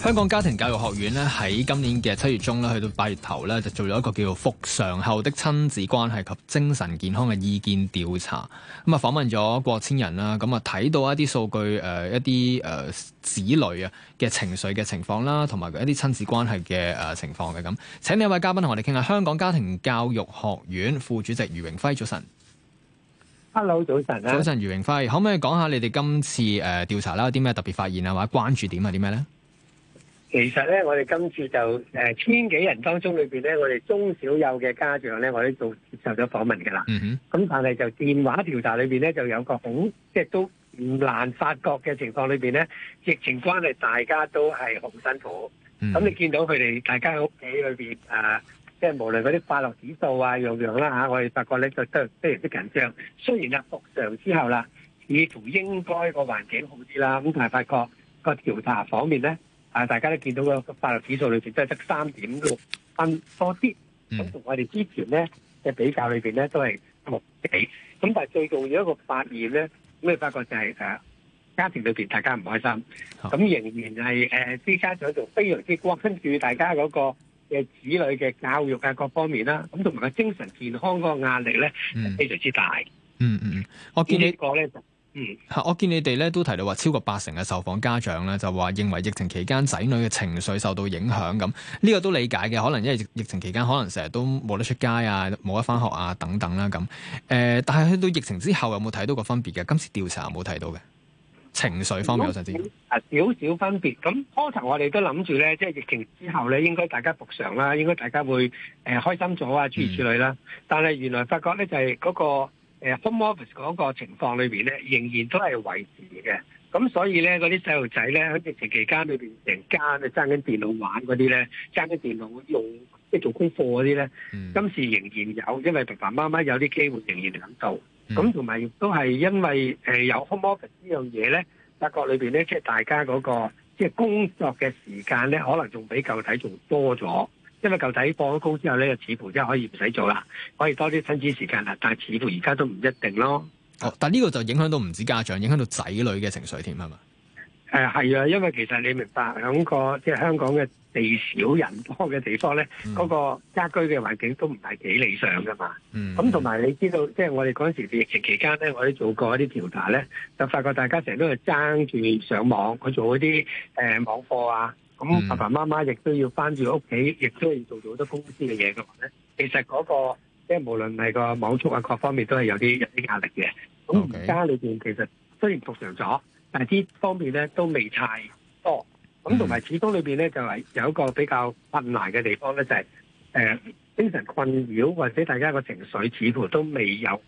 香港家庭教育學院咧喺今年嘅七月中咧，去到八月頭咧，就做咗一個叫做復常後的親子關係及精神健康嘅意見調查。咁啊，訪問咗過千人啦，咁啊睇到一啲數據誒、呃，一啲誒子女啊嘅情緒嘅情況啦，同埋一啲親子關係嘅誒情況嘅咁，請另一位嘉賓同我哋傾下香港家庭教育學院副主席余榮輝，早晨。Hello 早晨、啊，早晨余榮輝，可唔可以講下你哋今次誒調、呃、查啦，有啲咩特別發現啊，或者關注點係啲咩咧？其實咧，我哋今次就誒、呃、千幾人當中裏邊咧，我哋中小幼嘅家長咧，我哋做接受咗訪問嘅啦。咁、mm hmm. 但係就電話調查裏邊咧，就有個好即係都唔難發覺嘅情況裏邊咧，疫情關係大家都係好辛苦。咁、mm hmm. 你見到佢哋大家喺屋企裏邊誒、啊，即係無論嗰啲快樂指數啊，樣樣啦吓，我哋發覺咧就都係非常之緊張。雖然啊復常之後啦，似乎應該個環境好啲啦，咁但係發覺、那個調查方面咧。啊！大家都見到個快樂指數裏邊都係得三點六分多啲，咁同我哋之前咧嘅比較裏邊咧都係六幾。咁但係最重要一個發現咧，咩發覺就係誒家庭裏邊大家唔開心，咁仍然係誒啲家長做非常之過，關注住大家嗰個嘅子女嘅教育啊各方面啦，咁同埋個精神健康嗰個壓力咧係非常之大。嗯嗯嗯，我見你。嗯，吓我見你哋咧都提到話超過八成嘅受訪家長咧就話，認為疫情期間仔女嘅情緒受到影響咁，呢、這個都理解嘅，可能因為疫情期間可能成日都冇得出街啊，冇得翻學啊等等啦咁。誒，但係去到疫情之後有冇睇到個分別嘅？今次調查冇睇到嘅情緒方面我想知啊，果少少分別。咁開頭我哋都諗住咧，即係疫情之後咧，應該大家復常啦，應該大家會誒、呃、開心咗啊，諸如此類啦。嗯、但係原來發覺咧就係嗰、那個。誒 home office 嗰個情況裏面咧，仍然都係維持嘅，咁所以咧嗰啲細路仔咧喺疫情期間裏面成間咧爭緊電腦玩嗰啲咧，爭緊電腦用即係做功課嗰啲咧，嗯、今次仍然有，因為平凡媽媽有啲機會仍然係度咁，同埋都係因為、呃、有 home office 呢樣嘢咧，發覺裏邊咧即係大家嗰、嗰個即係、即係、工作嘅時間咧，可能仲比舊體仲多咗。因為舊仔放咗工之後咧，就似乎即係可以唔使做啦，可以多啲親子時間啦。但係似乎而家都唔一定咯。哦，但係呢個就影響到唔止家長，影響到仔女嘅情緒添係嘛？誒係啊，因為其實你明白響、嗰個即係香港嘅地少人多嘅地方咧，嗰、嗯、個家居嘅環境都唔係幾理想噶嘛。嗯。咁同埋你知道，即係我哋嗰陣時疫情期間咧，我哋做過一啲調查咧，就發覺大家成日都係爭住上網，去做一啲誒、呃、網課啊。咁、嗯、爸爸媽媽亦都要翻住屋企，亦都要做到好多公司嘅嘢嘅話咧，其實嗰、嗰個即係無論係個網速啊，各方面都係有啲有啲壓力嘅。咁而家裏面其實雖然復常咗，但係啲方面咧都未太多。咁同埋始終裏面咧就係有一個比較困難嘅地方咧，就係誒精神困擾或者大家個情緒似乎都未有好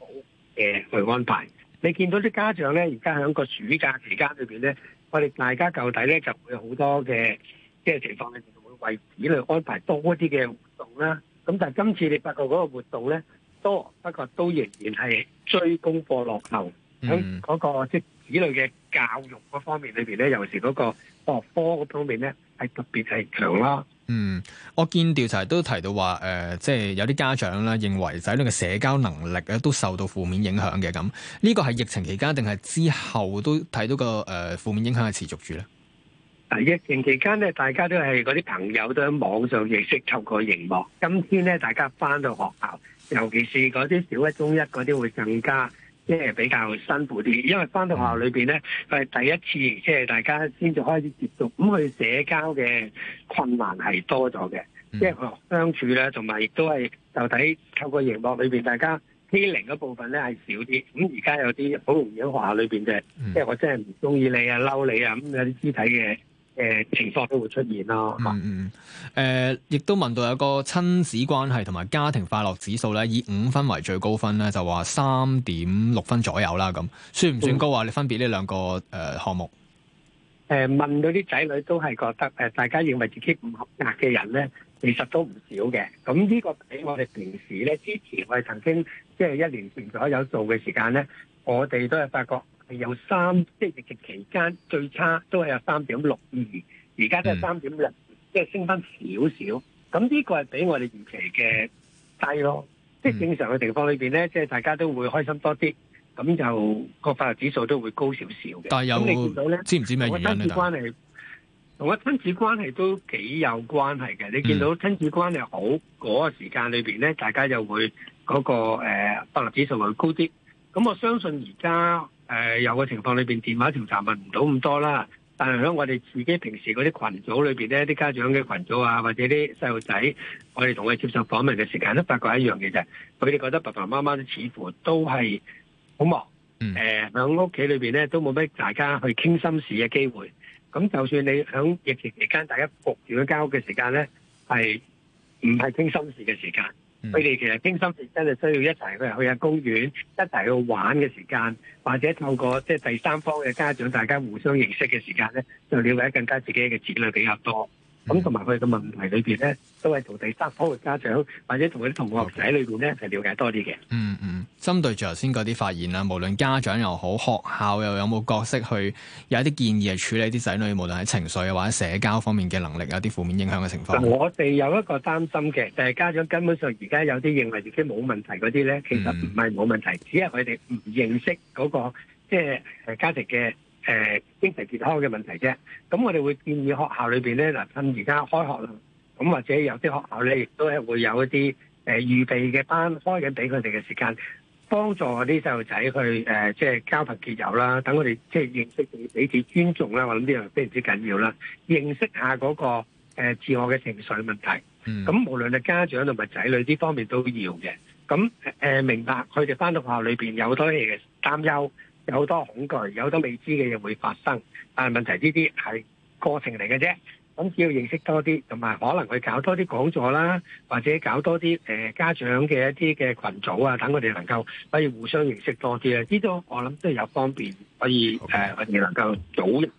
嘅去、呃、安排。你見到啲家長咧，而家喺個暑假期間裏面咧，我哋大家舊底咧就會有好多嘅嘅情況裏面會為子女安排多啲嘅活動啦，咁但係今次你發覺嗰個活動咧多，不過都仍然係追功課落後，喺嗰個即係子女嘅教育嗰方面裏邊咧，尤其是嗰個學科嗰方面咧，係特別係強啦。嗯，我見調查都提到話，誒、呃，即係有啲家長咧認為仔女嘅社交能力咧都受到負面影響嘅咁，呢個係疫情期間定係之後都睇到、個誒、呃、負面影響係持續住咧？疫情期間咧，大家都係嗰啲朋友都喺網上認識透過熒幕。今天咧，大家返到學校，尤其是嗰啲小一、中一嗰啲，會更加即係比較辛苦啲，因為返到學校裏邊咧，佢係第一次即係、就是、大家先至開始接觸，咁、嗯、佢社交嘅困難係多咗嘅，即係、嗯、佢相處啦，同埋亦都係就睇透過熒幕裏邊，大家欺凌嗰部分咧係少啲。咁而家有啲好容易喺學校裏邊嘅，即係、嗯、我真係唔中意你啊，嬲你啊，咁有啲肢體嘅。誒、呃，情況都會出現啦，嗯。嗯嗯，誒、呃，亦都問到有個親子關係同埋家庭快樂指數咧，以五分為最高分咧，就話三點六分左右啦。咁算唔算高啊？嗯、你分別呢兩個、呃、項目？誒、呃、問到啲仔女都係覺得、呃、大家認為自己唔合格嘅人咧，其實都唔少嘅。咁呢個俾我哋平時咧，之前我哋曾經即係一年前左右做嘅時間咧，我哋都係發覺。有三，即係疫情期間最差都係有三點六二，而家都係三點六五，即係升翻少少。咁呢個係比我哋預期嘅低咯、嗯。即係正常嘅情況裏邊咧，即係大家都會開心多啲，咁就個快樂指數都會高少少嘅。但係有，你見到咧，知唔知咩原因啊？同我親子關係，同我親子關係都幾有關係嘅。你見到親子關係好嗰個時間裏邊咧，大家就會嗰、那個誒、呃、快樂指數會高啲。咁我相信而家。誒、呃、有個情況裏面電話調查問唔到咁多啦，但係喺我哋自己平時嗰啲群組裏面咧，啲家長嘅群組啊，或者啲細路仔，我哋同佢接受訪問嘅時間咧，都發覺一樣嘅就係，佢哋覺得爸爸媽媽似乎都係好忙，誒響屋企裏面咧都冇咩大家去傾心事嘅機會。咁就算你喺疫情期間大家焗住喺間屋嘅時間咧，係唔係傾心事嘅時間？佢哋、嗯、其實傾心時真係需要一齊去去下公園，一齊去玩嘅時間，或者透過即係第三方嘅家長，大家互相認識嘅時間咧，就了解更加自己嘅子女比較多。咁同埋佢嘅問題裏面咧，都係同第三方嘅家長或者同佢啲同學仔裏面咧係了解多啲嘅。嗯嗯，針對住頭先嗰啲發現啦，無論家長又好，學校又有冇角色去有一啲建議係處理啲仔女，無論係情緒啊或者社交方面嘅能力有啲負面影響嘅情況。我哋有一個擔心嘅，就係、是、家長根本上而家有啲認為自己冇問題嗰啲咧，其實唔係冇問題，嗯、只係佢哋唔認識嗰、那個即係、就是、家庭嘅。誒，精神健康嘅問題啫。咁我哋會建議學校裏邊咧，嗱趁而家開學啦，咁或者有啲學校咧，亦都係會有一啲誒預備嘅班開緊俾佢哋嘅時間，幫助啲細路仔去誒，即、呃、係交朋結友啦。等佢哋即係認識彼此尊重啦。我諗呢樣非常之緊要啦。認識下嗰個誒、呃、自我嘅情緒問題。咁、嗯、無論係家長同埋仔女呢方面都要嘅。咁誒、呃、明白佢哋返到學校裏邊有好多嘢嘅擔憂。有好多恐懼，有好多未知嘅嘢會發生，但問題呢啲係過程嚟嘅啫。咁只要認識多啲，同埋可能佢搞多啲講座啦，或者搞多啲誒、呃、家長嘅一啲嘅群組啊，等佢哋能夠可以互相認識多啲啊。呢啲我諗都有方便可以誒 Okay.、呃，我哋能夠早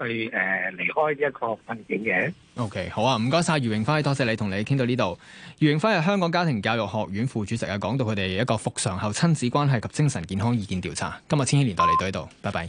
去誒、呃、離開一個環境嘅。O、okay, K，好啊，唔該晒。余榮輝，多謝你同你傾到呢度。余榮輝係香港家庭教育學院副主席啊，講到佢哋一個復常後親子關係及精神健康意見調查。今日千禧年代嚟到呢度，拜拜。